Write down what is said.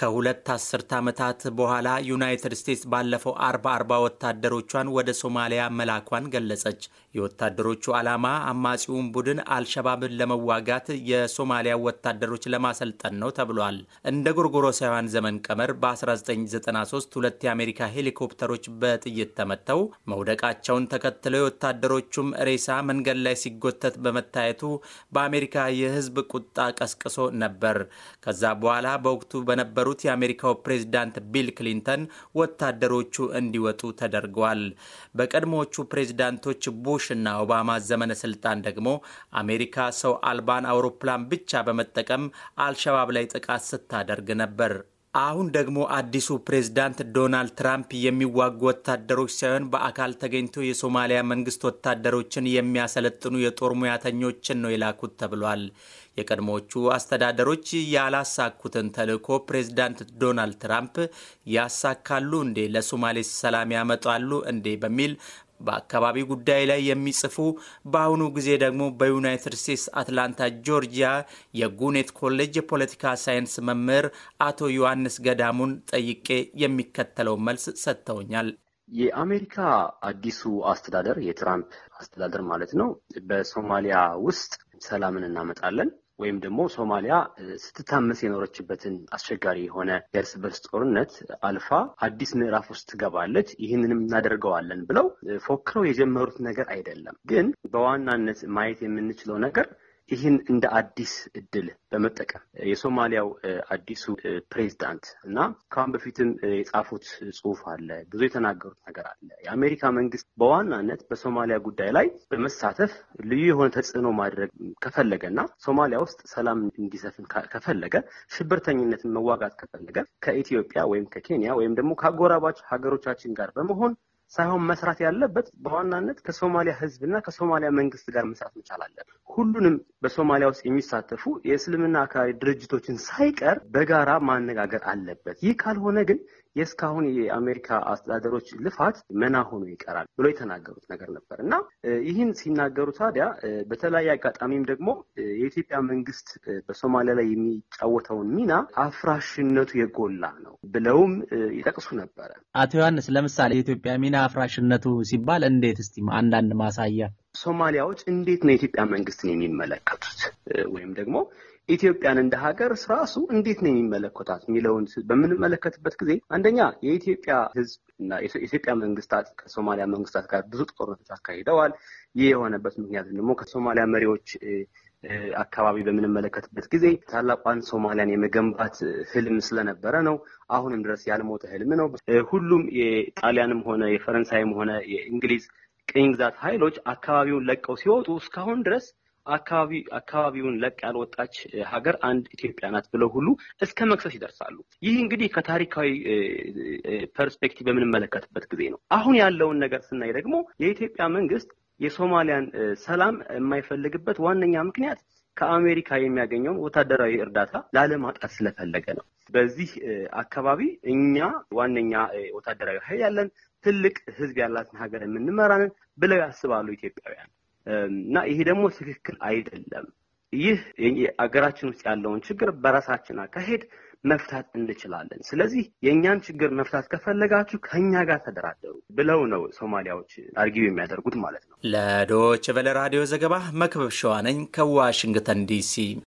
ከሁለት አስርት ዓመታት በኋላ ዩናይትድ ስቴትስ ባለፈው አርባ አርባ ወታደሮቿን ወደ ሶማሊያ መላኳን ገለጸች። የወታደሮቹ ዓላማ አማጺውን ቡድን አልሸባብን ለመዋጋት የሶማሊያ ወታደሮች ለማሰልጠን ነው ተብሏል። እንደ ጎርጎሮሳውያን ዘመን ቀመር በ1993 ሁለት የአሜሪካ ሄሊኮፕተሮች በጥይት ተመተው መውደቃቸውን ተከትለው የወታደሮቹም ሬሳ መንገድ ላይ ሲጎተት በመታየቱ በአሜሪካ የሕዝብ ቁጣ ቀስቅሶ ነበር። ከዛ በኋላ በወቅቱ በነበሩ የነበሩት የአሜሪካው ፕሬዚዳንት ቢል ክሊንተን ወታደሮቹ እንዲወጡ ተደርገዋል። በቀድሞዎቹ ፕሬዚዳንቶች ቡሽ እና ኦባማ ዘመነ ስልጣን ደግሞ አሜሪካ ሰው አልባን አውሮፕላን ብቻ በመጠቀም አልሸባብ ላይ ጥቃት ስታደርግ ነበር። አሁን ደግሞ አዲሱ ፕሬዝዳንት ዶናልድ ትራምፕ የሚዋጉ ወታደሮች ሳይሆን በአካል ተገኝቶ የሶማሊያ መንግስት ወታደሮችን የሚያሰለጥኑ የጦር ሙያተኞችን ነው የላኩት ተብሏል። የቀድሞቹ አስተዳደሮች ያላሳኩትን ተልእኮ ፕሬዝዳንት ዶናልድ ትራምፕ ያሳካሉ እንዴ? ለሶማሌ ሰላም ያመጣሉ እንዴ? በሚል በአካባቢ ጉዳይ ላይ የሚጽፉ በአሁኑ ጊዜ ደግሞ በዩናይትድ ስቴትስ አትላንታ ጆርጂያ የጉኔት ኮሌጅ የፖለቲካ ሳይንስ መምህር አቶ ዮሐንስ ገዳሙን ጠይቄ የሚከተለው መልስ ሰጥተውኛል። የአሜሪካ አዲሱ አስተዳደር የትራምፕ አስተዳደር ማለት ነው፣ በሶማሊያ ውስጥ ሰላምን እናመጣለን ወይም ደግሞ ሶማሊያ ስትታመስ የኖረችበትን አስቸጋሪ የሆነ የእርስ በርስ ጦርነት አልፋ አዲስ ምዕራፍ ውስጥ ትገባለች፣ ይህንንም እናደርገዋለን ብለው ፎክረው የጀመሩት ነገር አይደለም። ግን በዋናነት ማየት የምንችለው ነገር ይህን እንደ አዲስ እድል በመጠቀም የሶማሊያው አዲሱ ፕሬዝዳንት እና ከአሁን በፊትም የጻፉት ጽሁፍ አለ፣ ብዙ የተናገሩት ነገር አለ። የአሜሪካ መንግስት በዋናነት በሶማሊያ ጉዳይ ላይ በመሳተፍ ልዩ የሆነ ተጽዕኖ ማድረግ ከፈለገ እና ሶማሊያ ውስጥ ሰላም እንዲሰፍን ከፈለገ፣ ሽብርተኝነትን መዋጋት ከፈለገ ከኢትዮጵያ ወይም ከኬንያ ወይም ደግሞ ከአጎራባች ሀገሮቻችን ጋር በመሆን ሳይሆን መስራት ያለበት በዋናነት ከሶማሊያ ህዝብና ከሶማሊያ መንግስት ጋር መስራት መቻል ሁሉንም በሶማሊያ ውስጥ የሚሳተፉ የእስልምና አካባቢ ድርጅቶችን ሳይቀር በጋራ ማነጋገር አለበት። ይህ ካልሆነ ግን የእስካሁን የአሜሪካ አስተዳደሮች ልፋት መና ሆኖ ይቀራል ብሎ የተናገሩት ነገር ነበር እና ይህን ሲናገሩ ታዲያ በተለያየ አጋጣሚም ደግሞ የኢትዮጵያ መንግስት በሶማሊያ ላይ የሚጫወተውን ሚና አፍራሽነቱ የጎላ ነው ብለውም ይጠቅሱ ነበረ። አቶ ዮሐንስ ለምሳሌ የኢትዮጵያ ሚና አፍራሽነቱ ሲባል እንዴት እስቲ አንዳንድ ማሳያ ሶማሊያዎች እንዴት ነው የኢትዮጵያ መንግስትን የሚመለከቱት ወይም ደግሞ ኢትዮጵያን እንደ ሀገር ራሱ እንዴት ነው የሚመለከታት የሚለውን በምንመለከትበት ጊዜ አንደኛ የኢትዮጵያ ሕዝብ እና የኢትዮጵያ መንግስታት ከሶማሊያ መንግስታት ጋር ብዙ ጦርነቶች አካሂደዋል። ይህ የሆነበት ምክንያት ደግሞ ከሶማሊያ መሪዎች አካባቢ በምንመለከትበት ጊዜ ታላቋን ሶማሊያን የመገንባት ህልም ስለነበረ ነው። አሁንም ድረስ ያልሞተ ህልም ነው። ሁሉም የጣሊያንም ሆነ የፈረንሳይም ሆነ የእንግሊዝ ቅኝ ግዛት ኃይሎች አካባቢውን ለቀው ሲወጡ እስካሁን ድረስ አካባቢ አካባቢውን ለቅ ያልወጣች ሀገር አንድ ኢትዮጵያ ናት ብለው ሁሉ እስከ መክሰስ ይደርሳሉ። ይህ እንግዲህ ከታሪካዊ ፐርስፔክቲቭ በምንመለከትበት ጊዜ ነው። አሁን ያለውን ነገር ስናይ ደግሞ የኢትዮጵያ መንግስት የሶማሊያን ሰላም የማይፈልግበት ዋነኛ ምክንያት ከአሜሪካ የሚያገኘውን ወታደራዊ እርዳታ ላለማጣት ስለፈለገ ነው። በዚህ አካባቢ እኛ ዋነኛ ወታደራዊ ኃይል ያለን ትልቅ ህዝብ ያላትን ሀገር የምንመራንን ብለው ያስባሉ ኢትዮጵያውያን። እና ይሄ ደግሞ ትክክል አይደለም። ይህ አገራችን ውስጥ ያለውን ችግር በራሳችን አካሄድ መፍታት እንችላለን። ስለዚህ የእኛን ችግር መፍታት ከፈለጋችሁ ከእኛ ጋር ተደራደሩ ብለው ነው ሶማሊያዎች አርጊው የሚያደርጉት ማለት ነው። ለዶች በለ ራዲዮ ዘገባ መክበብ ሸዋነኝ ከዋሽንግተን ዲሲ